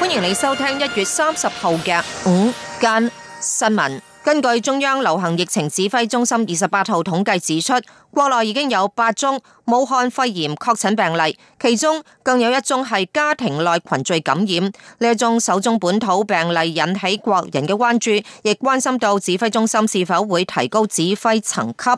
歡迎你收聽一月三十號嘅午間新聞。根據中央流行疫情指揮中心二十八號統計指出，國內已經有八宗。武漢肺炎確診病例，其中更有一宗係家庭內群聚感染。呢一宗首宗本土病例引起國人嘅關注，亦關心到指揮中心是否會提高指揮層級。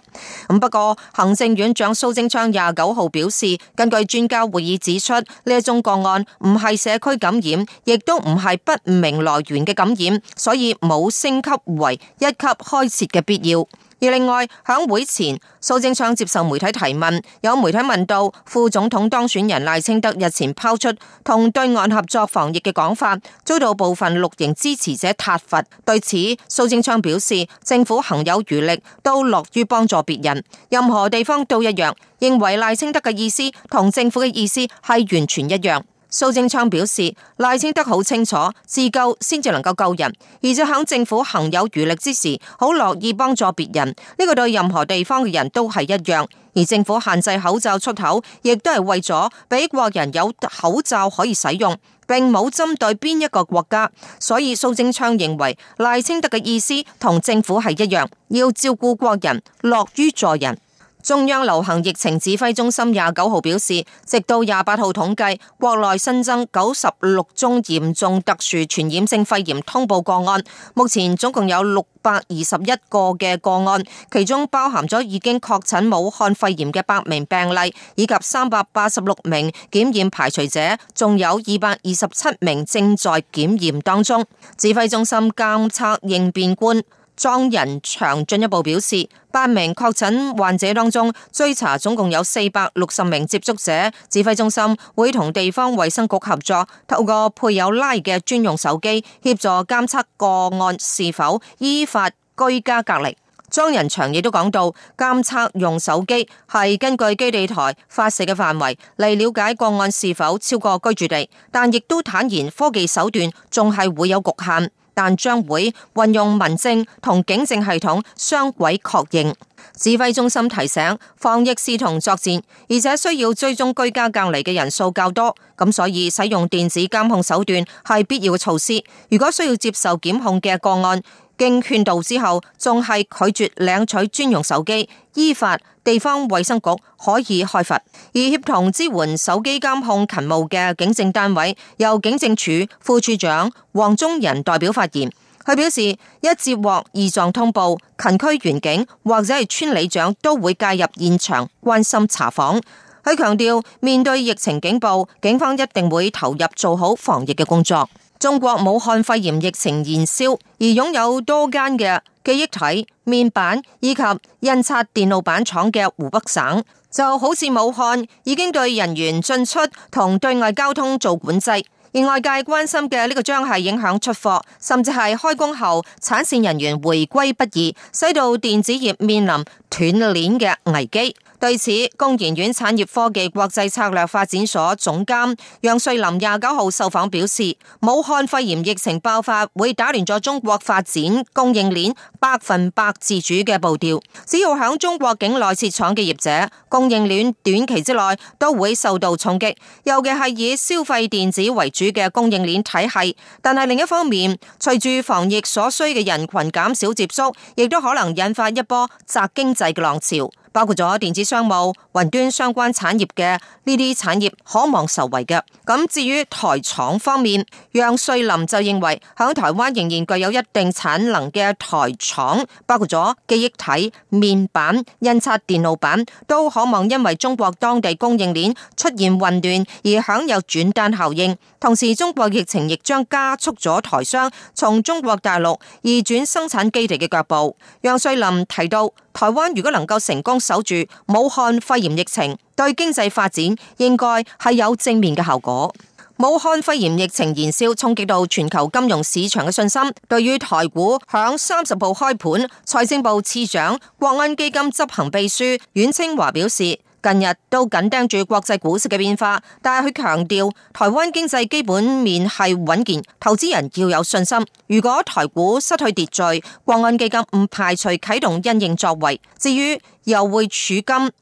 咁不過，行政院長蘇貞昌廿九號表示，根據專家會議指出，呢一宗個案唔係社區感染，亦都唔係不明來源嘅感染，所以冇升級為一級開設嘅必要。而另外，響會前，蘇貞昌接受媒體提問，有媒體問到副總統當選人賴清德日前拋出同對岸合作防疫嘅講法，遭到部分綠營支持者撻伐。對此，蘇貞昌表示，政府行有餘力，都樂於幫助別人，任何地方都一樣。認為賴清德嘅意思同政府嘅意思係完全一樣。蘇貞昌表示，賴清德好清楚，自救先至能夠救人，而且喺政府行有餘力之時，好樂意幫助別人。呢個對任何地方嘅人都係一樣。而政府限制口罩出口，亦都係為咗俾國人有口罩可以使用，並冇針對邊一個國家。所以蘇貞昌認為，賴清德嘅意思同政府係一樣，要照顧國人，樂於助人。中央流行疫情指揮中心廿九號表示，直到廿八號統計，國內新增九十六宗嚴重特殊傳染性肺炎通報個案，目前總共有六百二十一個嘅個案，其中包含咗已經確診武漢肺炎嘅八名病例，以及三百八十六名檢驗排除者，仲有二百二十七名正在檢驗當中。指揮中心監測應變官。莊人祥進一步表示，八名確診患者當中，追查總共有四百六十名接觸者。指揮中心會同地方衛生局合作，透過配有 Line 嘅專用手機，協助監測個案是否依法居家隔離。莊人祥亦都講到，監測用手機係根據基地台發射嘅範圍嚟了解個案是否超過居住地，但亦都坦言科技手段仲係會有局限，但將會運用民政同警政系統雙軌確認，指揮中心提醒防疫視同作戰，而且需要追蹤居家隔離嘅人數較多，咁所以使用電子監控手段係必要嘅措施。如果需要接受檢控嘅個案，經勸導之後仲係拒絕領取專用手機，依法，地方衛生局可以開罰，而協同支援手機監控勤務嘅警政單位，由警政署副署長黃忠仁代表發言。佢表示，一接獲異狀通報，勤區員警或者係村里長都會介入現場關心查訪。佢強調，面對疫情警報，警方一定會投入做好防疫嘅工作。中國武漢肺炎疫情延燒，而擁有多間嘅記憶體面板以及印刷電路板廠嘅湖北省，就好似武漢已經對人員進出同對外交通做管制，而外界關心嘅呢個將係影響出貨，甚至係開工後產線人員回歸不易，使到電子業面臨斷鏈嘅危機。對此，工研院產業科技國際策略發展所總監楊瑞林廿九號受訪表示，武漢肺炎疫情爆發會打亂咗中國發展供應鏈百分百自主嘅步調。只要響中國境內設廠嘅業者，供應鏈短期之內都會受到衝擊，尤其係以消費電子為主嘅供應鏈體系。但係另一方面，隨住防疫所需嘅人群減少接觸，亦都可能引發一波宅經濟嘅浪潮。包括咗電子商務、雲端相關產業嘅呢啲產業，可望受惠嘅。咁至於台廠方面，楊瑞林就認為，響台灣仍然具有一定產能嘅台廠，包括咗記憶體、面板、印刷電路板，都可望因為中國當地供應鏈出現混亂而享有轉單效應。同時，中國疫情亦將加速咗台商從中國大陸移轉生產基地嘅腳步。楊瑞林提到。台灣如果能夠成功守住武漢肺炎疫情，對經濟發展應該係有正面嘅效果。武漢肺炎疫情延燒衝擊到全球金融市場嘅信心，對於台股響三十號開盤，財政部次長、國安基金執行秘書阮清華表示。近日都緊盯住國際股市嘅變化，但係佢強調台灣經濟基本面係穩健，投資人要有信心。如果台股失去秩序，國安基金唔排除啟動因應作為。至於，又匯儲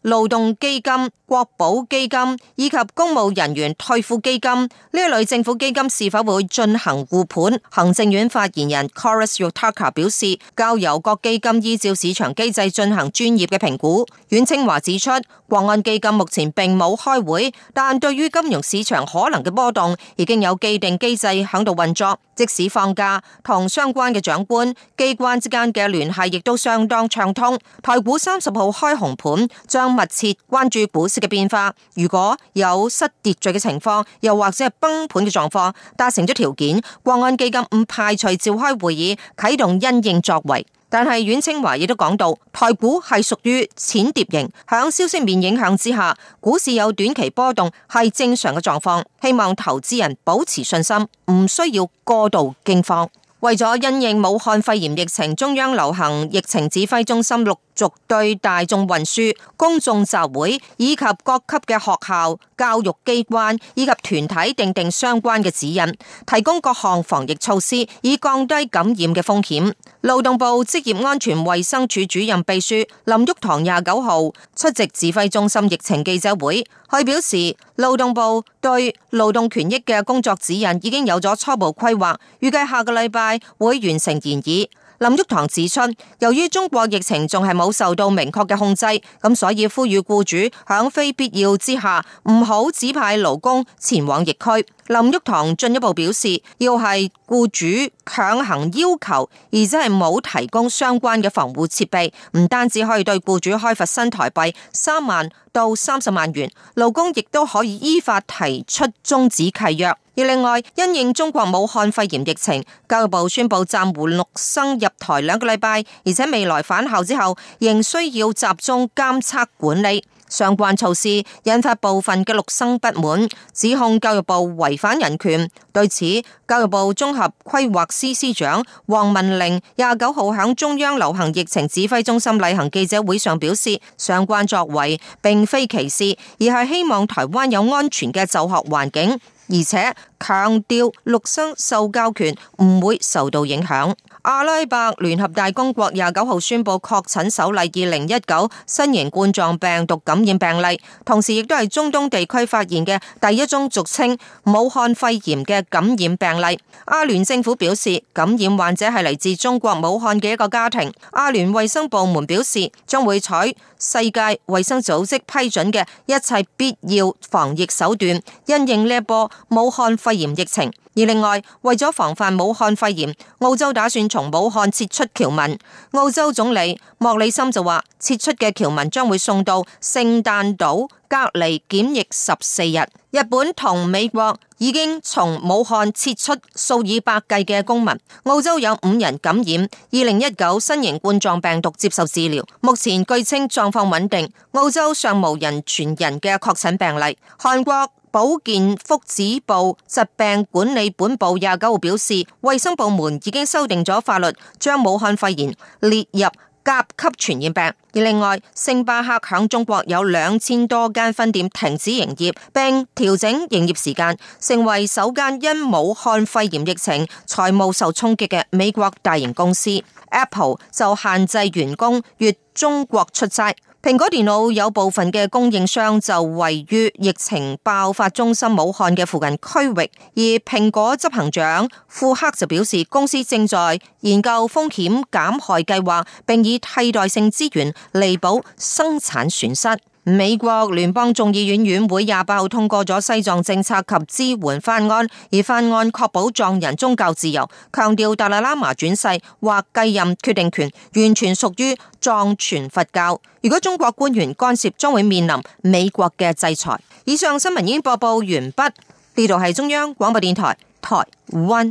金、勞動基金、國保基金以及公務人員退撫基金呢類政府基金是否會進行護盤？行政院發言人 Kolas Yotaka 表示，交由各基金依照市場機制進行專業嘅評估。阮清華指出，國安基金目前並冇開會，但對於金融市場可能嘅波動，已經有既定機制響度運作。即使放假，同相關嘅長官、機關之間嘅聯繫亦都相當暢通。台股三十號開紅盤，將密切關注股市嘅變化。如果有失秩序嘅情況，又或者係崩盤嘅狀況，達成咗條件，國安基金唔排除召開會議，啟動因應作為。但係阮清華亦都講到，台股係屬於淺碟型，響消息面影響之下，股市有短期波動係正常嘅狀況。希望投資人保持信心，唔需要過度驚慌。為咗因應武漢肺炎疫情，中央流行疫情指揮中心六逐對大眾運輸、公眾集會以及各級嘅學校、教育機關以及團體訂定相關嘅指引，提供各項防疫措施，以降低感染嘅風險。勞動部職業安全衛生署主任秘書林玉堂廿九號出席指揮中心疫情記者會，佢表示，勞動部對勞動權益嘅工作指引已經有咗初步規劃，預計下個禮拜會完成研議。林玉堂指出，由於中國疫情仲係冇受到明確嘅控制，咁所以呼籲雇主響非必要之下唔好指派勞工前往疫區。林玉堂進一步表示，要係雇主強行要求，而且係冇提供相關嘅防護設備，唔單止可以對雇主開罰新台幣三萬到三十萬元，勞工亦都可以依法提出終止契約。另外，因應中國武漢肺炎疫情，教育部宣布暫緩陸生入台兩個禮拜，而且未來返校之後仍需要集中監測管理相關措施，引發部分嘅陸生不滿，指控教育部違反人權。對此，教育部綜合規劃司司長黃文玲廿九號響中央流行疫情指揮中心例行記者會上表示，相關作為並非歧視，而係希望台灣有安全嘅就學環境。而且強調陸生受教權唔會受到影響。阿拉伯聯合大公國廿九號宣布確診首例二零一九新型冠狀病毒感染病例，同時亦都係中東地區發現嘅第一宗俗稱武漢肺炎嘅感染病例。阿聯政府表示，感染患者係嚟自中國武漢嘅一個家庭。阿聯衛生部門表示，將會採世界衛生組織批准嘅一切必要防疫手段，因應呢一波武漢肺炎疫情，而另外為咗防範武漢肺炎，澳洲打算從武漢撤出僑民。澳洲總理莫里森就話，撤出嘅僑民將會送到聖誕島隔離檢疫十四日。日本同美國已經從武漢撤出數以百計嘅公民。澳洲有五人感染二零一九新型冠狀病毒接受治療，目前據稱狀況穩定。澳洲尚無人傳人嘅確診病例。韓國。保健福祉部疾病管理本部廿九號表示，衛生部門已經修訂咗法律，將武漢肺炎列入甲級傳染病。而另外，星巴克響中國有兩千多間分店停止營業，並調整營業時間，成為首間因武漢肺炎疫情財務受衝擊嘅美國大型公司。Apple 就限制員工越中國出差。蘋果電腦有部分嘅供應商就位於疫情爆發中心武漢嘅附近區域，而蘋果執行長庫克就表示，公司正在研究風險減害計劃，並以替代性資源彌補生產損失。美國聯邦眾議院院會廿八號通過咗西藏政策及支援法案，而法案確保藏人宗教自由，強調達賴喇嘛轉世或繼任決定權完全屬於藏傳佛教。如果中國官員干涉，將會面臨美國嘅制裁。以上新聞已經播報完畢，呢度係中央廣播電台台灣。